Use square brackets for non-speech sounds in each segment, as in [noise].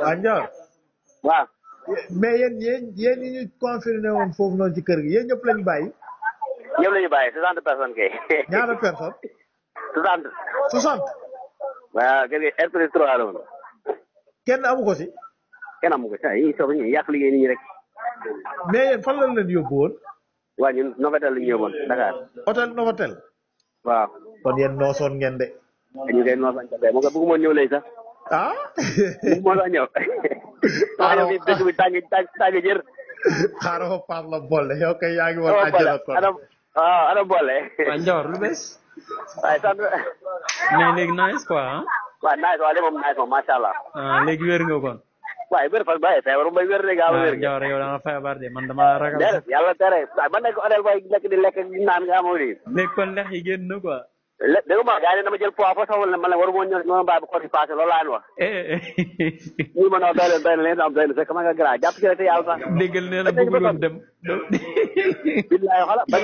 waa Ndior. waaw. mais yéen yéen yéen ñu confiné woon foofu noonu ci kër gi yéen ñëpp lañ bàyyi. ñëpp lañu bàyyi soixante personnes kay. ñaata personnes. soixante. soixante. waaw kenn amu ko si. kenn amu ko si ay soxna ñu yàq liggéey nit ñi rek. mais yéen fan lañ yóbbu woon. waa ñu yóbboon Dakar. hôtel Novotel. waaw. kon yéen noosoon ngeen de. ñu ngi koy noosoon ngeen de moom nga bëgg moon sax. ah. moo tax ñëw. xaaral bi dëkk bi tàng tàng jër. xaaral ma Pape la boole yow kay yaa ngi woon àjjana kon waaw ah, ana boole. waaw Ndiawar lu ah. waaw nice waaye moom nice moom macha allah. ah nga kon. waaye wér fan bàyyi feebar mbay wér de gaaw a ah, wér. Ndiawar man dama ragal. yàlla tere waaye man nekk hôtel bay kon lex yi génn quoi. lé dégg nga gars yi dama jël ma ne waru ma ñëw ma bàyyi ba kóor passé loolu laa leen wax. muy ma noo doy na doy na leen am doy na fekk déggal nee na bëgguloon dem. billaay xola ba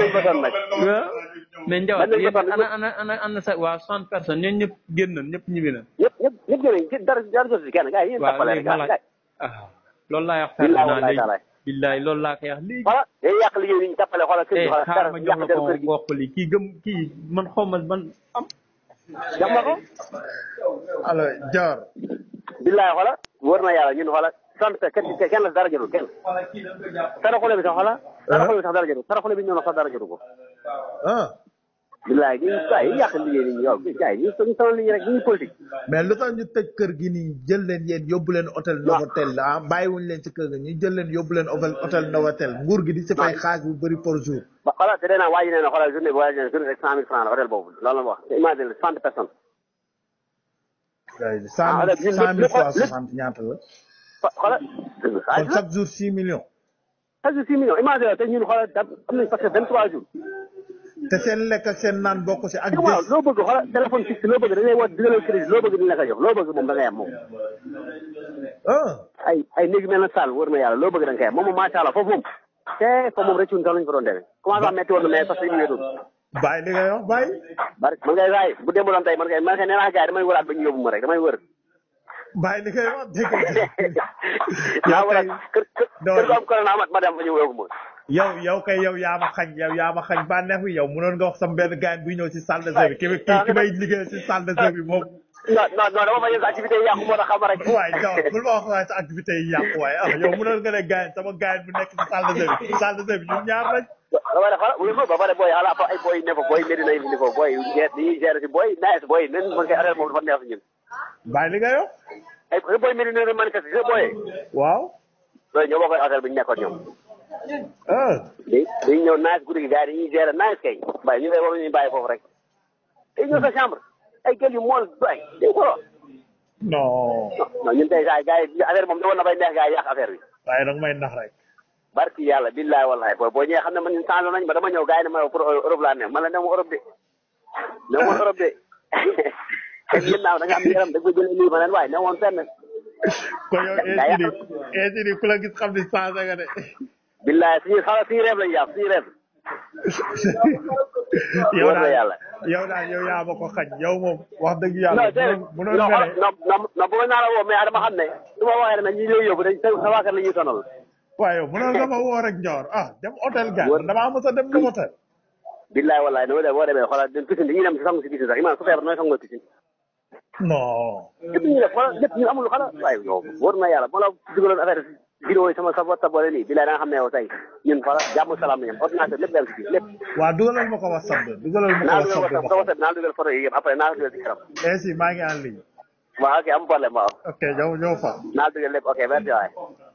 ana ana ana ana sa waa soixante personnes ñooñu ñëpp génn nañ ñëpp ñibbi na. ñëpp ñëpp ñëpp génn nañ dara dara jotu si kenn gars yi yéen tapale rek. waaw léegi laa billaay loolu laa koy wax léegi. voilà day yàq liggéey bi ñu jàppale xoolal kër gi. Eh, xoolal xaaral ma jox la ko mboq li kii gëm kii man xaw ma man am. jox ma ko. alors Dior. billaay xoolal wóor na yàlla ñun xoolal. sant kenn kenn la dara jarul kenn. saraxule bi sax xoolal. Eh? saraxule bi sax dara jarul saraxule bi ñëw na sax dara jarul ko. Ah. bilaay ñun saa yi yàq liggéey bi yow gars yi ñun suñu sama liggéey rek ñu ngi politique. mais lu tax ñu tëj kër gi nii jël leen yéen yóbbu leen hôtel Novotel ah bàyyiwuñ leen ci kër gi ñu jël leen yóbbu leen hôtel Novotel nguur gi di si fay xaalis bu bëri par jour. ba xoolal te dee naa waa ji nee na xoolal journée bi waa ji nee na journée rek cent mille franc la hôtel boobu loolu la ma wax te imagine la cent personnes. ah hôtel ñun cent mille fois soixante ñaata la. xoolal. kon chaque jour six millions. chaque jour six millions imagine la te ñun xoolal am nañu parce que vingt trois jours te seen lekk seen naan bokk si ak. Eh, waaw loo loo bëgg da ngay woote dina la crédit loo bëgg dina la ko jox loo bëgg moom da ngay am moom. Ah. ay ay néegi na Sall wër na yàlla loo bëgg da nga koy am moom macha allah foofu moom. te fa moom rëccu sax lañ ko doon demee commencé am métti woon na mais sax si ñu wéetoon. bàyyi li nga wax bàyyi. bari man ngay waay bu démb doon tey man ngay man ngay nee naa damay wëraat ba ñu yóbbu ma rek damay wër. bàyyi li ngay wax dégg nga. [laughs] yaa ngi [laughs] koy kër kër kër ko am yow yow kay yow yaa ma xañ yow yaa ma xañ bànneex bi yow mënoon nga wax sama benn gaañ buy ñëw si salle de jeu bi. ki ki may liggéey si salle de jeu bi moom. non non non dama bëgg sa activité yi yàqu moo tax xam rek. waaye jaww ji bul ma wax waaye sa activité yi yàqu waaye ah yow mënoon nga ne gaañ sama gaañ bu nekk si salle de jeu bi salle de jeu bi ñun ñaar lañ. dama ne xanaa wala ba pare booy ala ay booy ne fa booy Medina yi ne fa booy gerte yi gerte si booy naaj booy nen man kay arrêté moom dafa neex si ñun. bàyyi li nga yow. ay booy Medina yi manifeste booy. waaw. loolu ñoo bokk affaire bi ñu nekkoon ñoom. ah. léegi dañuy ñëw naaj guddi gi gars yi dañuy gérer naaj kay. bàyyi ñu ne waruñu bàyyi foofu rek. day ñëw sa chambre. ay gel yu mool du ay day ko non. non ñun tey gars yi affaire moom dawoon na bay neex gars yi yàq affaire bi. waaye nag may nax rek. barki yàlla billaay wallaay booy boo ñëwee xam ne man ñun changé nañ ma dama ñëw gars yi ne ma pour Europe laa ne ma la ne ma Europe de. ne ma Europe de. te [laughs] ginnaaw da nga am yaram da nga jëlee lii ma leen waaye ne woon fenn. kon yow inci di inci di ku la gis xam ni changé nga de. billaay suñuy xala suñuy reef lañu jàpp suñuy reef. yow daal yow daal yow yaa ko xañ yow moom wax dëgg yàlla. bu doon mere non non non bëggoon naa la woo mais dama xam ma waxee nag ñi lay sa waa kër la ñuy sonal. waaye yow mënoon nga ma woo rek Ndior ah dem hôtel ga damaa mos a dem nga hôtel. billaay wallaay dama dem boo demee xoolal piscine dañuy dem si sangu si piscine sax imaam su feebar nooy sangoo piscine. non. lépp ñu vidéo yi sama sa WhatsApp wala nii bilaay da nga xam ne yow tey ñun fa jàmm salaam na ñoom ordinateur lépp dem si fii lépp waaw dugalal ma ko WhatsApp bi dugalal ma WhatsApp bi dugal photo yi yëpp après naa dugal si kanam merci maa ngi en ligne waaw ok am problème waaw ok ñëw fa naa dugal lépp ok merci waay